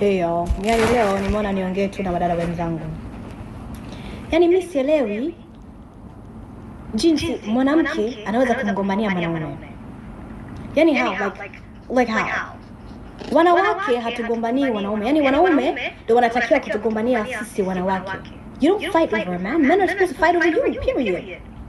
Hiyo yani leo nimeona niongee tu na madada wenzangu. Yaani mimi sielewi jinsi mwanamke anaweza kumgombania mwanaume. Yani yaani how like, like how wanawake hatugombanii wanaume, yani wanaume yaani ndo wanatakiwa kutugombania sisi wanawake. You don't fight over a man. Men are supposed to fight over you, period.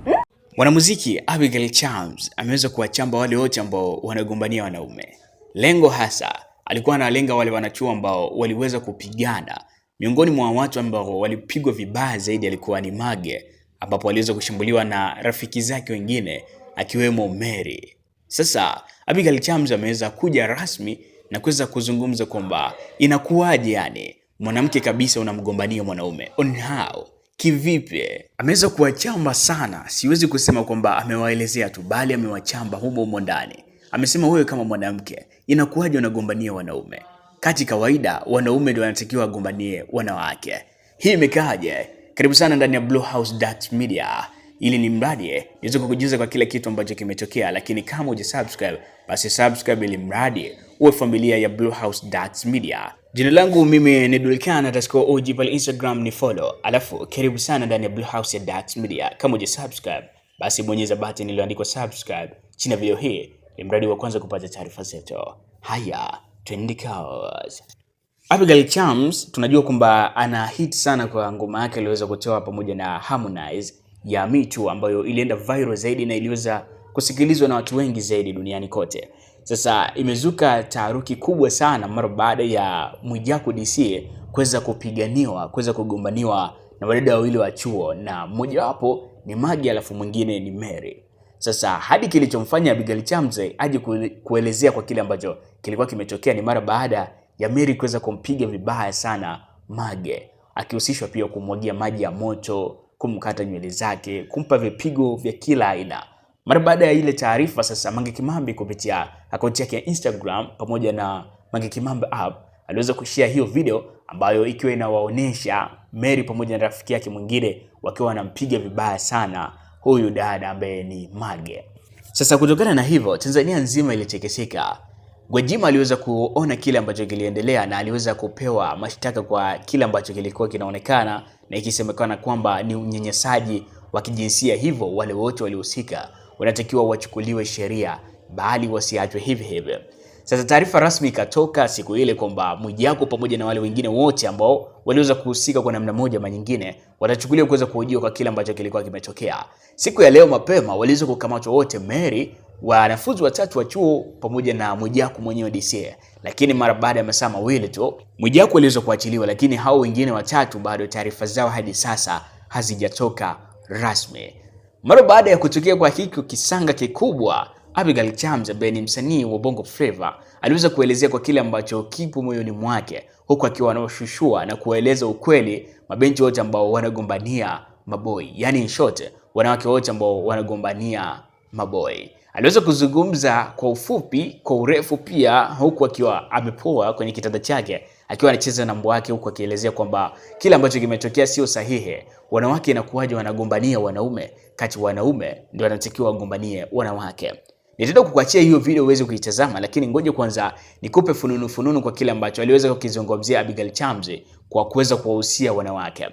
Hmm? Mwanamuziki Abigail Chams ameweza kuwachamba wale wote ambao wanagombania wanaume, lengo hasa alikuwa analenga wale wanachuo ambao waliweza kupigana. Miongoni mwa watu ambao walipigwa vibaya zaidi alikuwa ni Mage, ambapo aliweza kushambuliwa na rafiki zake wengine akiwemo Mary. Sasa Abigail Chams ameweza kuja rasmi na kuweza kuzungumza kwamba inakuwaje, yani mwanamke kabisa unamgombania mwanaume on how kivipi? Ameweza kuwachamba sana, siwezi kusema kwamba amewaelezea tu, bali amewachamba humo humo ndani. Amesema wewe kama mwanamke inakuwaje unagombania wanaume kati? Kawaida wanaume ndio wanatakiwa wagombanie wanawake, hii imekaaje? Karibu sana ndani ya Blue House Dot Media. Ili ni mradi eh, niweze kukujuza kwa kila kitu ambacho kimetokea, lakini kama uje subscribe, basi subscribe ili mradi uwe familia ya Blue House Dot Media. Jina langu mimi ni Dulkan atasiko OG, pale Instagram ni follow. Alafu karibu sana ndani ya Blue House ya Dot Media. Kama uje subscribe, basi bonyeza button iliyoandikwa subscribe chini ya video hii ni mradi wa kwanza kupata taarifa zetu. Haya, twende kazi. Abigail Chams tunajua kwamba ana hit sana kwa ngoma yake aliyoweza kutoa pamoja na Harmonize ya Me Too ambayo ilienda viral zaidi na iliweza kusikilizwa na watu wengi zaidi duniani kote. Sasa imezuka taharuki kubwa sana mara baada ya Mwijaku DC kuweza kupiganiwa, kuweza kugombaniwa na wadada wawili wa chuo na mmojawapo ni Magi alafu mwingine ni Mary. Sasa hadi kilichomfanya Abigail Chamze aje kuelezea kwa kile ambacho kilikuwa kimetokea ni mara baada ya Mary kuweza kumpiga vibaya sana Mage, akihusishwa pia kumwagia maji ya moto, kumkata nywele zake, kumpa vipigo vya kila aina. Mara baada ya ile taarifa sasa, Mange Kimambi kupitia akaunti yake ya Instagram pamoja na Mange Kimambi app aliweza kushare hiyo video ambayo ikiwa inawaonesha Mary pamoja na rafiki yake mwingine wakiwa wanampiga vibaya sana huyu dada ambaye ni Mage. Sasa kutokana na hivyo, Tanzania nzima ilitekeseka. Gwajima aliweza kuona kile ambacho kiliendelea na aliweza kupewa mashtaka kwa kile ambacho kilikuwa kinaonekana na ikisemekana kwamba ni unyanyasaji wa kijinsia, hivyo wale wote waliohusika wanatakiwa wachukuliwe sheria, bali wasiachwe hivi hivi. Sasa taarifa rasmi ikatoka siku ile kwamba Mwijaku pamoja na wale wengine wote ambao waliweza kuhusika kwa namna moja ama nyingine watachukuliwa kuweza kuhojiwa kwa kile ambacho kilikuwa kimetokea. Siku ya leo mapema waliweza kukamatwa wote Mary, wanafunzi watatu wa chuo pamoja na Mwijaku mwenyewe DCA, lakini mara baada ya masaa mawili tu Mwijaku aliweza kuachiliwa, lakini hao wengine watatu bado taarifa zao hadi sasa hazijatoka rasmi. Mara baada ya kutokea kwa hiki kisanga kikubwa Abigail Chams ambaye ni msanii wa Bongo Flava aliweza kuelezea kwa kile ambacho kipo moyoni mwake, huku akiwa anaoshushua na kueleza ukweli mabenchi wote ambao wanagombania maboi, yani in short, wanawake wote ambao wanagombania maboi. Aliweza kuzungumza kwa ufupi, kwa urefu pia, huku akiwa amepoa kwenye kitanda chake akiwa anacheza na mbwa wake, huku akielezea kwamba kile ambacho kimetokea sio sahihi. Wanawake inakuwaje wanagombania wanaume, kati wanaume ndio wanatakiwa wagombanie wanawake. Nitaenda kukuachia hiyo video uweze kuitazama, lakini ngoje kwanza nikupe fununu fununu kwa kile ambacho aliweza kukizungumzia Abigail Chams kwa kuweza kuwahusia wanawake.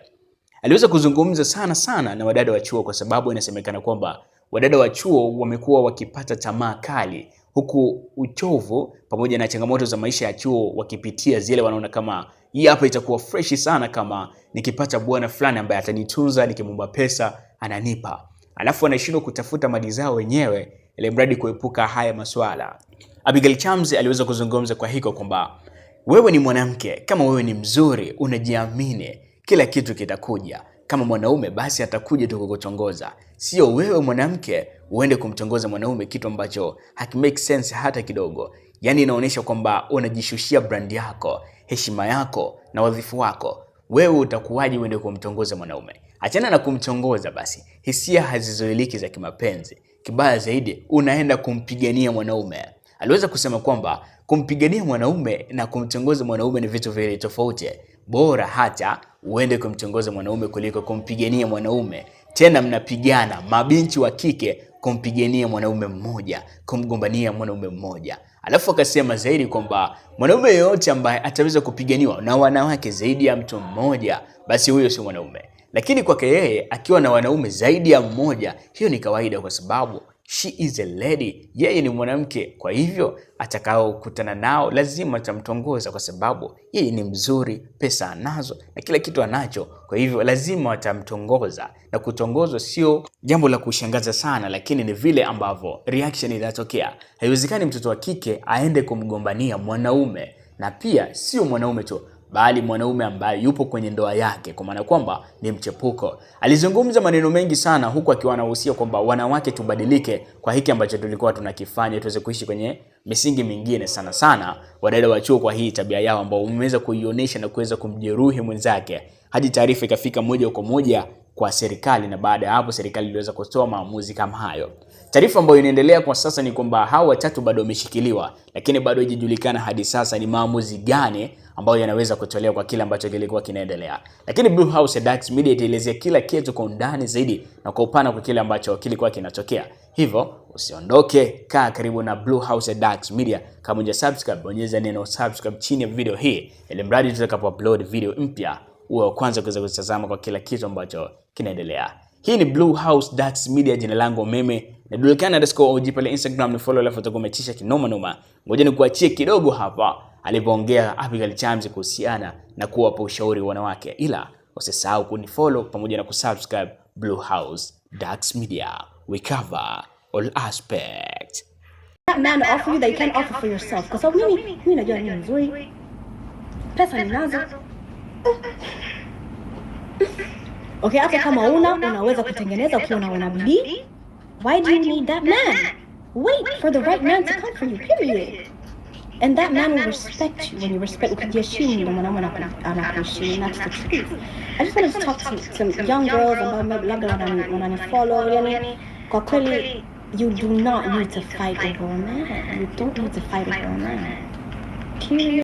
Aliweza kuzungumza sana sana na wadada wa chuo, kwa sababu inasemekana kwamba wadada wa chuo wamekuwa wakipata tamaa kali, huku uchovu pamoja na changamoto za maisha ya chuo wakipitia zile, wanaona kama hii hapa itakuwa fresh sana kama nikipata bwana fulani ambaye atanitunza, nikimwomba pesa ananipa, alafu wanashindwa kutafuta mali zao wenyewe ili mradi kuepuka haya maswala. Abigail Chams aliweza kuzungumza kwa hiko kwamba wewe ni mwanamke, kama wewe ni mzuri, unajiamini, kila kitu kitakuja. Kama mwanaume basi atakuja tu kukutongoza, sio wewe mwanamke uende kumtongoza mwanaume, kitu ambacho hakimake sense hata kidogo. Yaani inaonyesha kwamba unajishushia brandi yako, heshima yako na wadhifu wako. Wewe utakuwaje uende kumtongoza mwanaume? Achana na kumtongoza basi, hisia hazizuiliki za kimapenzi kibaya zaidi, unaenda kumpigania mwanaume. Aliweza kusema kwamba kumpigania mwanaume na kumtongoza mwanaume ni vitu viwili tofauti, bora hata uende kumtongoza mwanaume kuliko kumpigania mwanaume. Tena mnapigana mabinti wa kike kumpigania mwanaume mmoja, kumgombania mwanaume mmoja. Alafu akasema zaidi kwamba mwanaume yeyote ambaye ataweza kupiganiwa na wanawake zaidi ya mtu mmoja, basi huyo sio mwanaume. Lakini kwake yeye akiwa na wanaume zaidi ya mmoja, hiyo ni kawaida, kwa sababu she is a lady, yeye ni mwanamke. Kwa hivyo atakaokutana nao lazima atamtongoza, kwa sababu yeye ni mzuri, pesa anazo na kila kitu anacho. Kwa hivyo lazima atamtongoza, na kutongozwa sio jambo la kushangaza sana, lakini ni vile ambavyo reaction inatokea. Haiwezekani mtoto wa kike aende kumgombania mwanaume, na pia sio mwanaume tu bali mwanaume ambaye yupo kwenye ndoa yake, kwa maana kwamba ni mchepuko. Alizungumza maneno mengi sana, huku akiwa anahusia kwamba wanawake tubadilike kwa hiki ambacho tulikuwa tunakifanya, tuweze kuishi kwenye misingi mingine. Sana sana wadada wa chuo, kwa hii tabia yao ambao umeweza kuionyesha na kuweza kumjeruhi mwenzake hadi taarifa ikafika moja kwa moja kwa serikali na baada ya hapo serikali iliweza kutoa maamuzi kama hayo. Taarifa ambayo inaendelea kwa sasa ni kwamba hao watatu bado wameshikiliwa, lakini bado haijajulikana hadi sasa ni maamuzi gani ambayo yanaweza kutolewa kwa kile ambacho kilikuwa kinaendelea. Lakini Blue House Dax Media itaelezea kila kitu kwa undani zaidi na kwa upana kwa kile ambacho kilikuwa kinatokea. Hivyo usiondoke, kaa karibu na Blue House Dax Media. Kama unja subscribe, bonyeza neno subscribe chini ya video hii ili mradi tutakapo upload video mpya uwe wa kwanza kuweza kuzitazama kwa kila kitu ambacho kinaendelea. Hii ni Blue House Dax Media, jina langu meme najulikana underscore OG pale Instagram, ni follow alafu utakuwa umetisha kinoma noma. Ngoja nikuachie kidogo hapa alipoongea Abigail Chams kuhusiana na kuwapa ushauri wanawake, ila usisahau kunifollow pamoja na kusubscribe Blue House Dax Media, we cover all aspect. That man offer you that you can't offer for yourself, kwa sababu mimi mimi najua nini nzuri, pesa ninazo Okay, hata kama una unaweza kutengeneza ukiwa na una bidii. Why do you need that man? Wait for the right man to come for you, period. And that man will respect you when you respect ukijiheshimu na mwanamume anakuheshimu. That's the truth. I just wanted to talk to some young girls ambao labda wananifollow, yani kwa kweli you do not need to fight over a man. You don't need to fight over a man. Period.